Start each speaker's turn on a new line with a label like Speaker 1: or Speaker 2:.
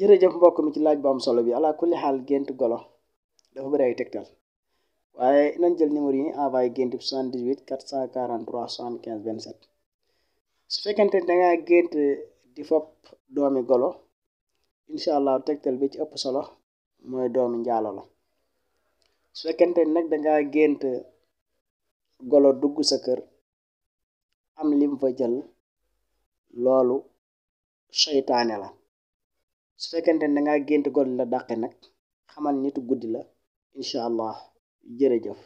Speaker 1: jërëjëf mbokk mi ci laaj bu am solo bi ala kulli xaal gént golo dafa bëri ay tegtal waaye nañ jël numéro yi envoyé gént bi 78 443 75 27 su fekkente da ngaa gént di fopp doomi golo incha allah tegtal bi ci ëpp solo mooy doomi njaalo la su fekkente nag dangaa gént golo dugg sa kër am lim fa jël loolu seytaane la su fekkente ne dangaa gént gont la dàqe nag xamal nitu guddi la incha allah
Speaker 2: jërëjëf